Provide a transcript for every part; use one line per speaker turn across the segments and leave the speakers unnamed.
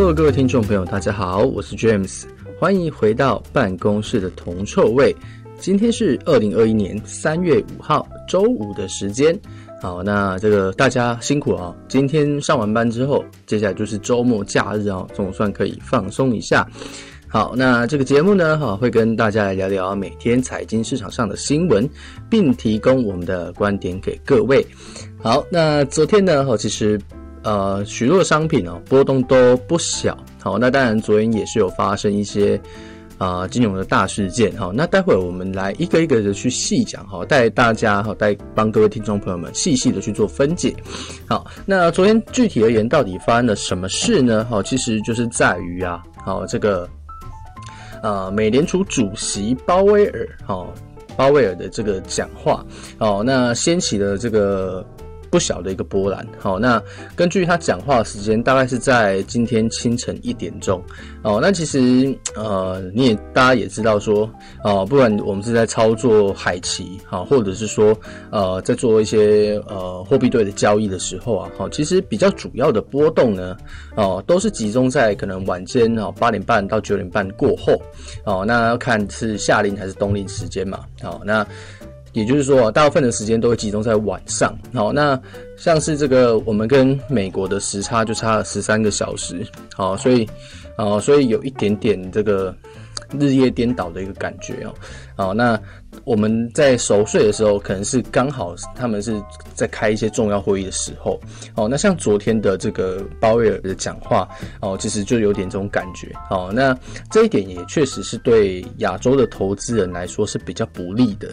Hello，各位聽眾朋友，大家好，我是 James，歡迎回到辦公室的銅臭味。今天是二零二一年三月五號，周五的時間。好，那這個大家辛苦啊、哦，今天上完班之後，接下來就是周末假日啊、哦，總算可以放鬆一下。好，那這個節目呢，哈，會跟大家來聊聊每天財經市場上的新聞，並提供我們的觀點給各位。好，那昨天呢，哈，其實。呃，許多的商品哦，波動都不小。好，那當然昨天也是有發生一些啊金融的大事件。好，那待會我們來一個一個的去細講哈，帶大家哈，帶幫各位聽眾朋友們細細的去做分解。好，那昨天具體而言到底發生了什麼事呢？好，其實就是在於啊，好這個呃美聯儲主席鮑威爾哈鮑威爾的這個講話哦，那掀起了這個。不小的一個波瀾，好，那根據他講話時間，大概是在今天清晨一點鐘，哦，那其實呃，你也大家也知道說，哦，不管我們是在操作海期，好、哦，或者是說呃，在做一些呃貨幣對的交易的時候啊，好、哦，其實比較主要的波動呢，哦，都是集中在可能晚間哦八點半到九點半過後，哦，那要看是夏令還是冬令時間嘛，好、哦，那。也就是說啊，大部分的時間都會集中在晚上。好，那像是這個，我們跟美國的時差就差了十三個小時。好，所以，啊，哦，所以有一點點這個日夜顛倒的一個感覺。好，那。我們在熟睡的時候，可能是剛好他們是在開一些重要會議的時候，哦，那像昨天的這個鮑威爾的講話，哦，其實就有點這種感覺，哦，那這一點也確實是對亞洲的投資人來說是比較不利的，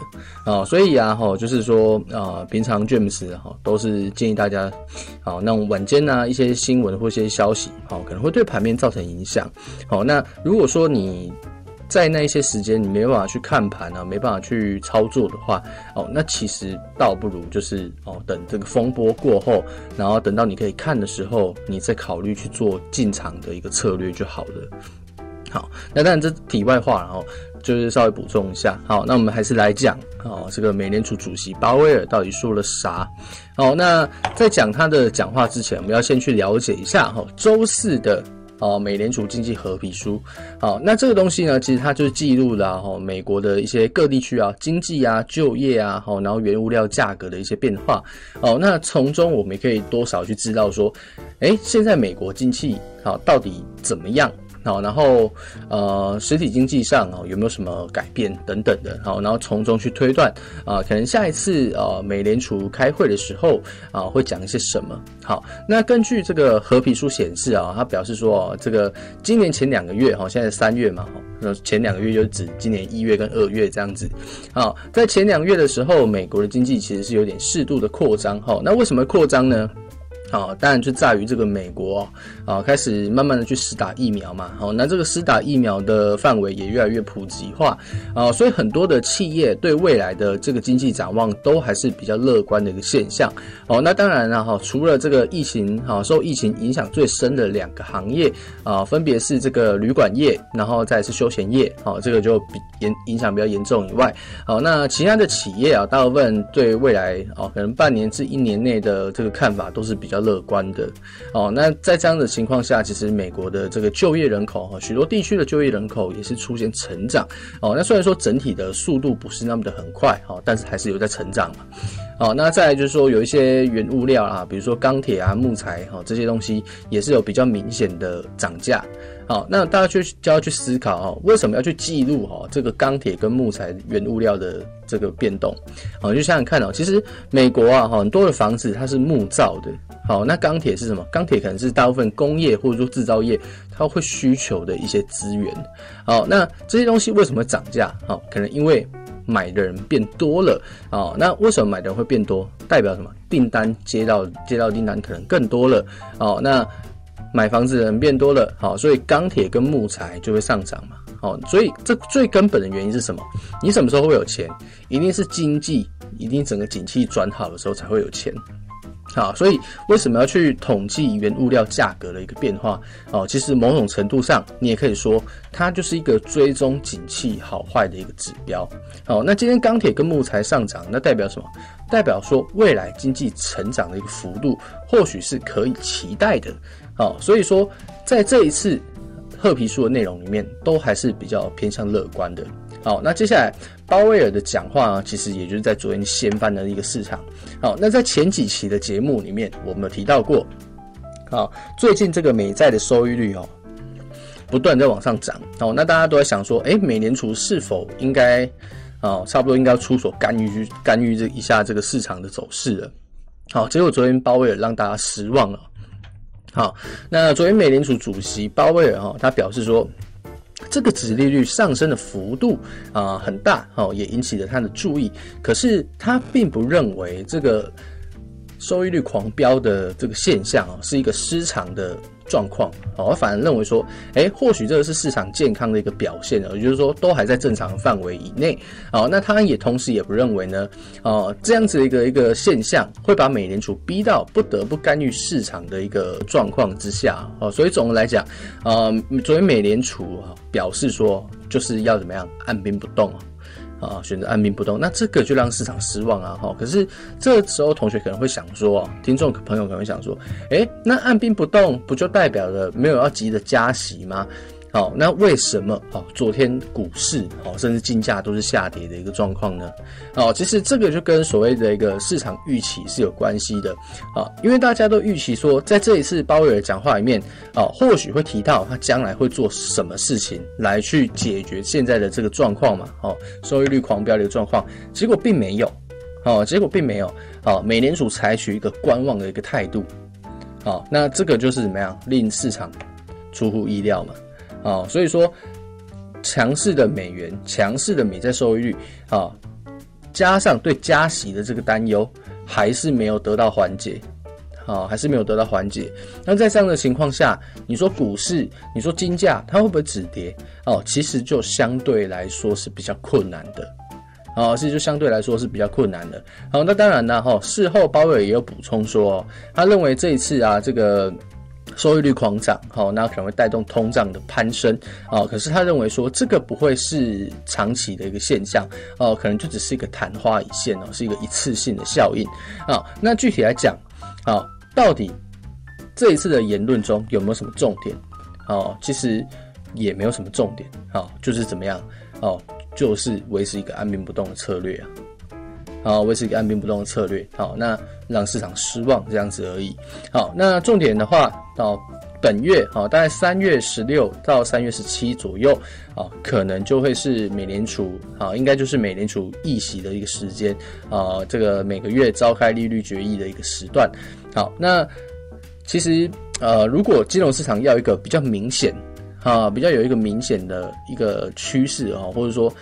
哦，所以啊，哈、哦，就是說，呃，平常 James 哈、哦、都是建議大家，哦、種啊，那晚間呢一些新聞或一些消息，好、哦，可能會對盤面造成影響，好、哦，那如果說你。在那一些時間，你沒辦法去看盤啊，沒辦法去操作的話，哦，那其實倒不如就是哦，等這個風波過後，然後等到你可以看的時候，你再考慮去做進場的一個策略就好了。好，那當然這題外話，然後就是稍微補充一下。好，那我們還是來講哦，這個美聯儲主席鮑威爾到底說了啥？好，那在講他的講話之前，我們要先去了解一下哈，周四的。哦，美聯儲經濟褐皮書，好，那這個東西呢，其實它就是記錄了哈、啊、美國的一些各地區啊經濟啊就業啊，好、哦，然後原物料價格的一些變化，哦，那從中我們也可以多少去知道說，誒、欸，現在美國經濟啊到底怎麼樣？好，然後呃，實體經濟上哦有沒有什麼改變等等的，好，然後從中去推斷，啊，可能下一次呃，美聯儲開會的時候啊會講一些什麼？好，那根據這個褐皮書顯示啊、哦，它表示說，哦、這個今年前兩個月哈、哦，現在三月嘛哈，那、哦、前兩個月就指今年一月跟二月這樣子。好、哦，在前兩個月的時候，美國的經濟其實是有點適度的擴張，哈、哦，那為什麼擴張呢？啊，當然、哦、就在於這個美國啊、哦哦，開始慢慢的去施打疫苗嘛。好、哦，那這個施打疫苗的範圍也越來越普及化啊、哦，所以很多的企業對未來的這個經濟展望都還是比較樂觀的一個現象。哦，那當然了、啊、哈、哦，除了這個疫情哈、哦，受疫情影響最深的兩個行業啊、哦，分別是這個旅館業，然後再是休閒業。好、哦，這個就比影影響比較嚴重以外，好、哦，那其他的企業啊，大部分對未來哦，可能半年至一年內的這個看法都是比較。樂觀的哦，那在這樣的情況下，其實美國的這個就業人口哈，許多地區的就業人口也是出現成長哦。那雖然說整體的速度不是那麼的很快，哦，但是還是有在成長嘛。好，那再來就是說有一些原物料啊，比如說鋼鐵啊、木材啊，哈，這些東西也是有比較明顯的漲價。好，那大家去就要去思考啊，哦，為什麼要去記錄，哈，這個鋼鐵跟木材原物料的這個變動？好，就想想看啊，其實美國啊，很多的房子它是木造的，好，那鋼鐵是什麼？鋼鐵可能是大部分工業或者說製造業它會需求的一些資源。好，那這些東西為什麼漲價？好，可能因為。買的人變多了哦，那為什麼買的人會變多？代表什麼？訂單接到接到訂單可能更多了哦。那買房子的人變多了好，哦，所以鋼鐵跟木材就會上漲嘛。哦，所以這最根本的原因是什麼？你什麼時候會有錢？一定是經濟，一定整個景氣轉好的時候才會有錢。啊，所以為什麼要去統計原物料價格的一個變化？哦，其實某種程度上，你也可以說它就是一個追蹤景氣好壞的一個指標。好，那今天鋼鐵跟木材上漲，那代表什麼？代表說未來經濟成長的一個幅度，或許是可以期待的。好，所以說在這一次褐皮書的內容裡面，都還是比較偏向樂觀的。好，那接下來鮑威爾的講話呢，其實也就是在昨天掀翻了一個市場。好，那在前幾期的節目裡面，我們有提到過。好，最近這個美債的收益率哦，不斷在往上漲。哦，那大家都在想說，誒，美聯儲是否應該，啊，差不多應該要出手干預干預這一下這個市場的走勢了？好，結果昨天鮑威爾讓大家失望了。好，那昨天美聯儲主席鮑威爾哈，他表示說。這個殖利率上升的幅度啊很大哦，也引起了他的注意。可是他並不認為這個收益率狂飆的這個現象啊是一個失常的。狀況，哦，我反而認為說，誒、欸、或許這個是市場健康的一個表現，也就是說，都還在正常範圍以內，哦，那他也同時也不認為呢，哦，這樣子的一個一個現象會把美聯儲逼到不得不干預市場的一個狀況之下，哦，所以總的來講，呃、嗯，昨天美聯儲啊表示說，就是要怎麼樣，按兵不動啊。啊，選擇按兵不動，那這個就讓市場失望啊！哈，可是這時候同學可能會想說，聽眾朋友可能會想說，哎、欸，那按兵不動不就代表了沒有要急着加息嗎？好、哦，那為什麼啊、哦？昨天股市啊、哦，甚至金價都是下跌的一個狀況呢？哦，其實這個就跟所謂的一個市場預期是有關係的啊、哦，因為大家都預期說，在這一次鮑威爾講話裡面啊、哦，或許會提到他將來會做什麼事情來去解決現在的這個狀況嘛。哦，收益率狂飆的一個狀況，結果並沒有，哦，結果並沒有，哦，美聯儲採取一個觀望的一個態度，哦，那這個就是怎麼樣令市場出乎意料嘛。哦，所以說，強勢的美元、強勢的美債收益率啊、哦，加上對加息的這個擔憂，還是沒有得到緩解，好、哦，還是沒有得到緩解。那在這樣的情況下，你說股市，你說金價，它會不會止跌？哦，其實就相對來說是比較困難的，哦，其實就相對來說是比較困難的。好、哦，那當然呢，哈、哦，事後鮑威爾也有補充說、哦，他認為這一次啊，這個。收益率狂漲，好、哦，那可能會帶動通脹的攀升，啊、哦，可是他認為說這個不會是長期的一個現象，哦，可能就只是一個曇花一現哦，是一個一次性的效應，啊、哦，那具體來講，啊、哦，到底這一次的言論中有沒有什麼重點？哦，其實也沒有什麼重點，好、哦，就是怎麼樣，哦，就是維持一個按兵不動的策略啊，啊、哦，維持一個按兵不動的策略，好、哦，那讓市場失望這樣子而已，好、哦，那重點的話。到、哦、本月啊、哦，大概三月十六到三月十七左右啊、哦，可能就會是美聯儲啊，應該就是美聯儲議息的一個時間啊、哦，這個每個月召開利率決議的一個時段。好，那其實呃，如果金融市場要一個比較明顯啊，比較有一個明顯的一個趨勢啊，或者說。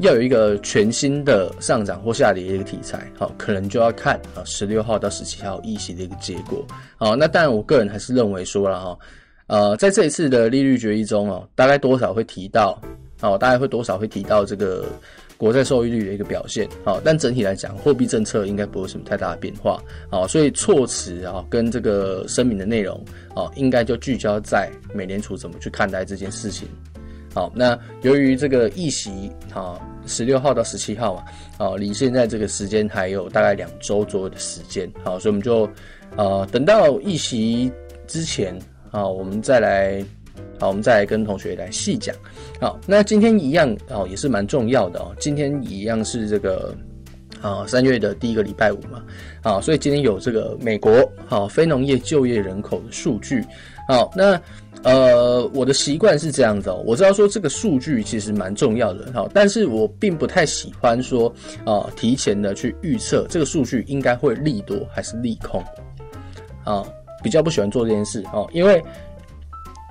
要有一個全新的上漲或下跌的一個題材，好、哦，可能就要看啊十六號到十七號議息的一個結果，好、哦，那當然我個人還是認為說了哈、哦，呃，在這一次的利率決議中啊、哦，大概多少會提到，好、哦，大概會多少會提到這個國債收益率的一個表現，好、哦，但整體來講，貨幣政策應該不會什麼太大的變化，好、哦，所以措辭啊、哦、跟這個聲明的內容啊、哦，應該就聚焦在美聯儲怎麼去看待這件事情。好，那由於這個議息，好，十六號到十七號嘛，好，離現在這個時間還有大概兩周左右的時間，好，所以我們就，呃，等到議息之前，啊，我們再來，好，我們再來跟同學來細講，好，那今天一樣哦，也是蠻重要的哦，今天一樣是這個。啊，三月、哦、的第一個禮拜五嘛，啊、哦，所以今天有這個美國好、哦、非農業就業人口的數據，好、哦，那呃，我的習慣是這樣子、哦，我知道說這個數據其實蠻重要的哈、哦，但是我並不太喜歡說啊、哦，提前的去預測這個數據應該會利多還是利空，啊、哦，比較不喜歡做這件事啊、哦，因為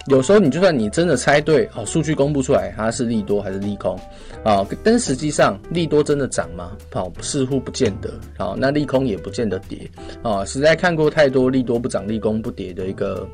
有時候你就算你真的猜對，啊、哦，數據公布出來它是利多還是利空。啊，但、哦、實際上利多真的漲嗎？哦，似乎不見得。哦，那利空也不見得跌。啊、哦，實在看過太多利多不漲、利空不跌的一個。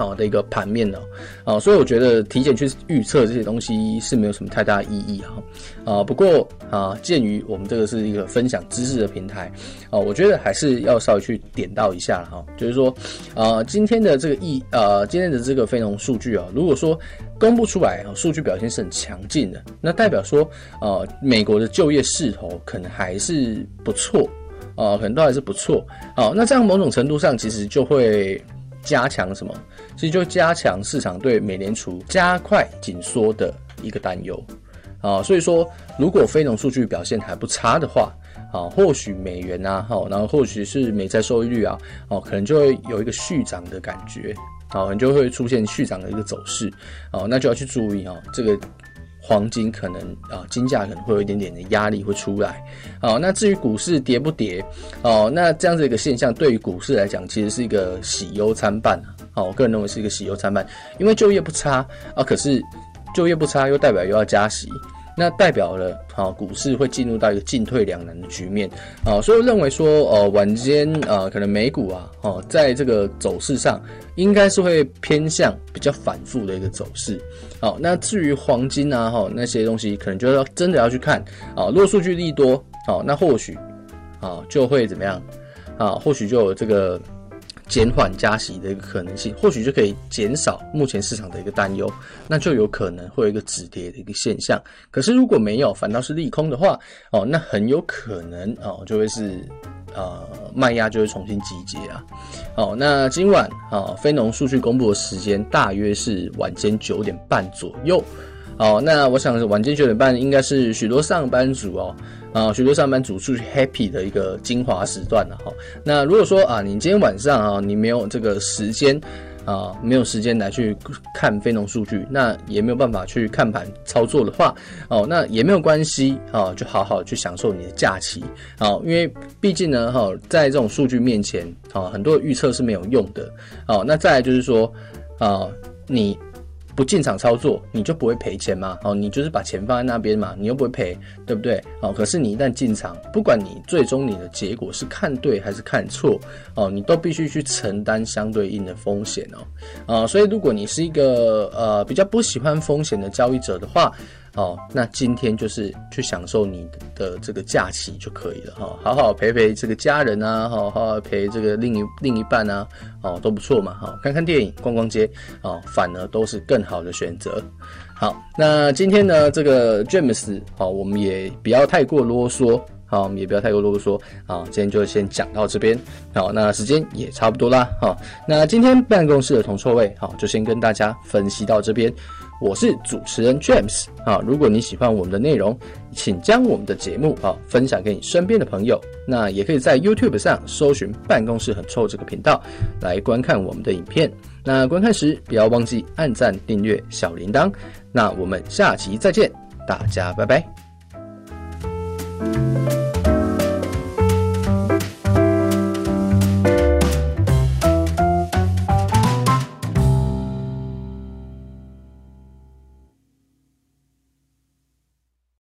好的一個盤面呢、喔，啊，所以我覺得提前去預測這些東西是沒有什麼太大的意義哈、啊，啊，不過啊，鑑於我們這個是一個分享知識的平台，啊，我覺得還是要稍微去點到一下哈、啊，就是說，啊，今天的這個呃、e, 啊，今天的這個非農數據啊，如果說公布出來，數、啊、據表現是很強勁的，那代表說，呃、啊，美國的就業勢頭可能還是不錯，啊，可能都還是不錯，啊，那這樣某種程度上其實就會。加強什麼？所以就加強市場對美聯儲加快緊縮的一個擔憂啊。所以說，如果非農數據表現還不差的話，啊、哦，或許美元啊，好、哦，然後或許是美債收益率啊，哦，可能就會有一個續漲的感覺啊，可、哦、能就會出現續漲的一個走勢啊、哦，那就要去注意啊、哦，這個。黃金可能啊，金價可能會有一點點的壓力會出來。好，那至於股市跌不跌？哦，那這樣子一個現象對於股市來講，其實是一個喜憂參半啊。好，我個人認為是一個喜憂參半，因為就業不差啊，可是就業不差又代表又要加息。那代表了啊，股市會進入到一個進退兩難的局面啊，所以我認為說，呃晚間啊，可能美股啊，哦，在這個走勢上，應該是會偏向比較反復的一個走勢。好，那至於黃金啊，哈，那些東西可能就要真的要去看啊，如果數據利多，好，那或許啊，就會怎麼樣啊，或許就有這個。減緩加息的一個可能性，或許就可以減少目前市場的一個擔憂，那就有可能會有一個止跌的一個現象。可是如果沒有，反倒是利空的話，哦，那很有可能哦就會是，呃，賣壓就會重新集結啊。哦，那今晚啊，哦，非農數據公布的時間大約是晚間九點半左右。哦，那我想晚間九點半應該是許多上班族哦，啊許多上班族出去 happy 的一個精華時段了，啊，哈，啊。那如果說啊，你今天晚上啊，你沒有這個時間啊，沒有時間來去看非農數據，那也沒有辦法去看盤操作的話，哦，啊，那也沒有關係啊，就好好去享受你的假期啊，因為畢竟呢，哈，啊，在這種數據面前，啊很多預測是沒有用的哦，啊。那再來就是說，啊，你。不進場操作，你就不會賠錢嘛？哦，你就是把錢放在那邊嘛，你又不會賠，對不對？哦，可是你一旦進場，不管你最終你的結果是看對還是看錯，哦，你都必須去承擔相對應的風險哦。啊、哦，所以如果你是一個呃比較不喜歡風險的交易者的話。好，那今天就是去享受你的這個假期就可以了哈，好好陪陪這個家人啊，好好陪這個另一另一半啊，哦都不錯嘛，哈，看看電影、逛逛街，哦反而都是更好的選擇。好，那今天呢這個 James，好，我們也不要太過囉嗦，好，我們也不要太過囉嗦，啊，今天就先講到這邊，好，那時間也差不多啦，好，那今天辦公室的同錯位，好，就先跟大家分析到這邊。我是主持人 James 啊，如果你喜歡我們的內容，請將我們的節目啊分享給你身邊的朋友。那也可以在 YouTube 上搜尋“辦公室很臭”這個頻道來觀看我們的影片。那觀看時不要忘記按讚、訂閱、小鈴鐺。那我們下期再見，大家拜拜。